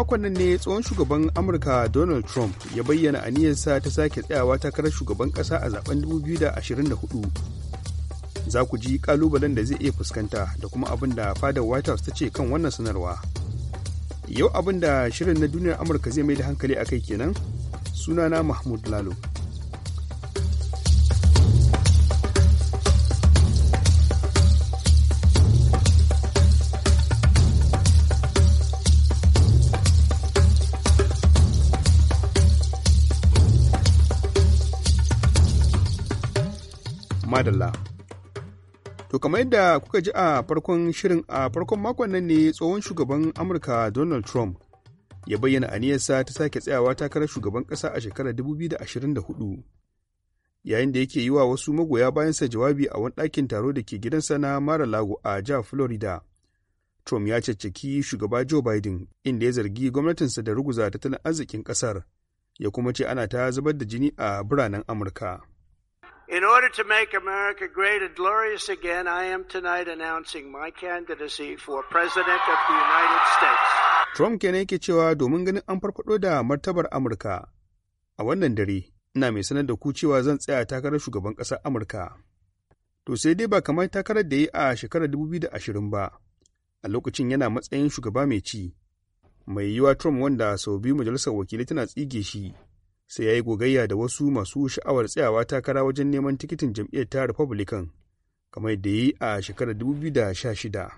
makon nan ne tsohon shugaban amurka donald trump ya bayyana aniyarsa ta sake tsayawa takarar shugaban kasa a zaben 2024 za ku ji kalubalen da zai iya fuskanta da kuma abin da fadar white house ta ce kan wannan sanarwa yau abin da shirin na duniyar amurka zai mai da hankali a kai kenan sunana mahmud lalo madalla. To kamar yadda kuka ji a farkon shirin a farkon makon nan ne tsohon shugaban Amurka Donald Trump ya bayyana a aniyarsa ta sake tsayawa takarar shugaban ƙasa a shekarar 2024. Yayin da yake yi wa wasu magoya bayansa jawabi a wani ɗakin taro da ke gidansa na Mara Lago a jihar Florida. Trump ya caccaki shugaba Joe Biden inda ya zargi gwamnatinsa da ruguza tattalin arzikin ƙasar ya kuma ce ana ta zubar da jini a biranen Amurka. In order to make America great and glorious again, I am tonight announcing my candidacy for President of the United States. Trump kenan yake cewa domin ganin an farfado da martabar Amurka. A wannan dare, ina mai sanar da ku cewa zan tsaya takarar shugaban ƙasar Amurka. To sai dai ba kamar takarar da yi a shekarar 2020 ba, a lokacin yana matsayin shugaba mai ci. Mai yiwuwa Trump wanda sau biyu majalisar wakilai tana tsige shi, sai ya yi gogayya da wasu masu sha'awar tsayawa takara wajen neman tikitin jam'iyyar ta republican kamar da yi a shekarar 2016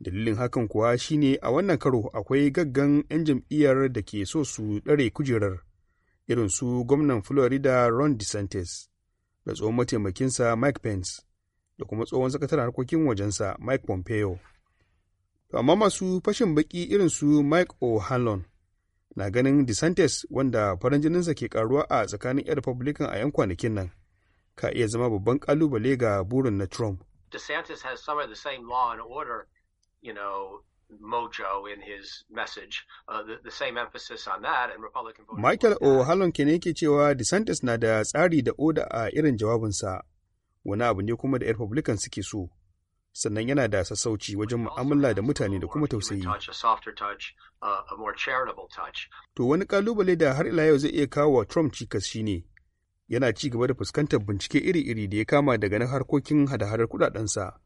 dalilin hakan kuwa shine a wannan karo akwai gaggan 'yan jam'iyyar da ke so su ɗare kujerar irin su gwamnan florida ron desantis da tsohon mataimakinsa mike pence da kuma tsohon sakataren harkokin wajensa mike pompeo amma masu fashin baki irin su mike o'hanlon na ganin DeSantis wanda farin jininsa ke karuwa a tsakanin 'yan Republican a 'yan kwanakin nan ka iya zama babban kalubale ga burin na Trump. DeSantis has some of the same law and order, you know, mojo in his message, uh, the, the same emphasis on that and Republican voters. Michael ke ne ke cewa DeSantis na da tsari da oda a irin jawabinsa, wani abu ne kuma da 'yan Republican suke so. sannan yana da sassauci wajen mu'amala da mutane da kuma tausayi. To wani kalubale da har ila yau zai iya kawo wa Trump cikas ne. yana ci gaba da fuskantar bincike iri-iri da ya kama daga na harkokin hada-hadar kudadensa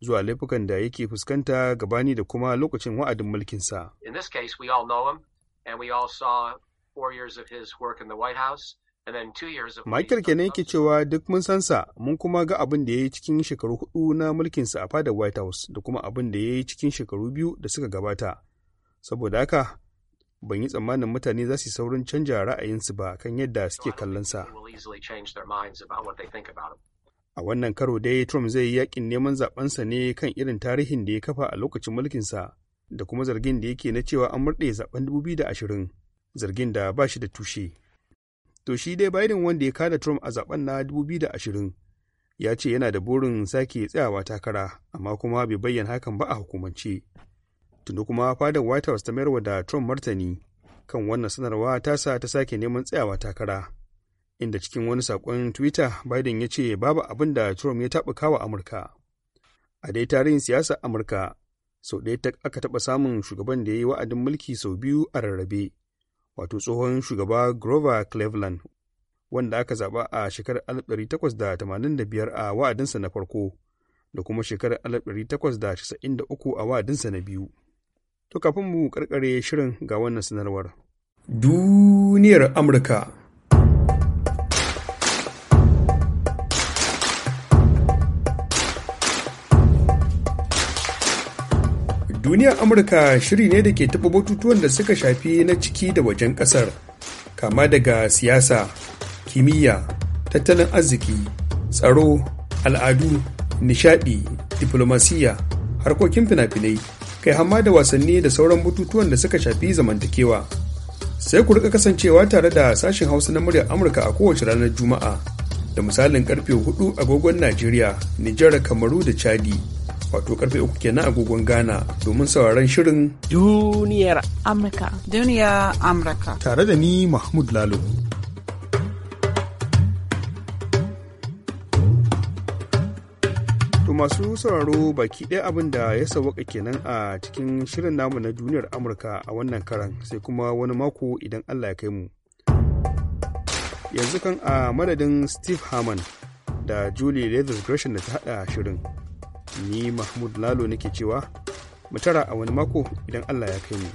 zuwa laifukan da yake fuskanta gabani da kuma lokacin wa'adin mulkinsa. In this we all know him and we all saw four his work in the House. Michael kenan yake cewa duk mun san sa mun kuma ga abin da ya yi cikin shekaru hudu na mulkinsa a fada White House da kuma abin da ya yi cikin shekaru biyu da suka gabata. Saboda haka, ban yi tsammanin mutane za su saurin canja ra'ayinsu ba kan yadda suke kallon sa. A wannan karo dai Trump zai yi yakin neman zabensa ne kan irin tarihin da ya kafa a lokacin mulkinsa da kuma zargin da yake na cewa an murɗe zaben 2020 zargin da ba shi da tushe. To shi dai Biden wanda ya kada Trump a zaben na 2020 ya ce yana da burin sake tsayawa takara amma kuma bai bayyana hakan ba a hukumance. Tunda kuma fadar White House ta mayarwa da Trump martani kan wannan sanarwa ta sa ta sake neman tsayawa takara. Inda cikin wani saƙon Twitter Biden ya ce babu abin da Trump ya taɓa kawa Amurka. A dai tarihin siyasar Amurka, sau ɗaya aka taɓa samun shugaban da ya yi wa'adin mulki sau biyu a rarrabe. wato tsohon shugaba Grover Cleveland wanda aka zaba a shekarar 1885 a wa'adinsa na farko da kuma shekarar 1893 a wa'adinsa na biyu. To kafin mu karkare shirin ga wannan sanarwar. Duniyar Amurka Duniyar Amurka shiri ne da ke taɓa bututuwan da suka shafi na ciki da wajen ƙasar, kama daga siyasa, kimiyya, tattalin arziki, tsaro, al'adu, nishaɗi, diplomasiya, harkokin fina-finai, kai hama da wasanni da sauran bututuwan da suka shafi zamantakewa. Sai ku rika kasancewa tare da sashen Hausa na muryar Amurka a kowace ranar Juma'a, da misalin karfe 4 agogon Najeriya, Nijar, Kamaru da Chadi. wato karfe uku kenan agogon Ghana domin sauraron shirin Duniyar Amurka. Duniya Amurka. Tare da ni Mahmud Lalo. masu sauraro baki ɗaya abin da ya sawaka kenan a cikin shirin namu na duniyar amurka a wannan karan sai kuma wani mako idan allah ya kai mu yanzu kan a madadin steve harman da julie leathers gresham da ta haɗa shirin ni mahmud lalo nake cewa mu tara a wani mako idan allah ya kai mu.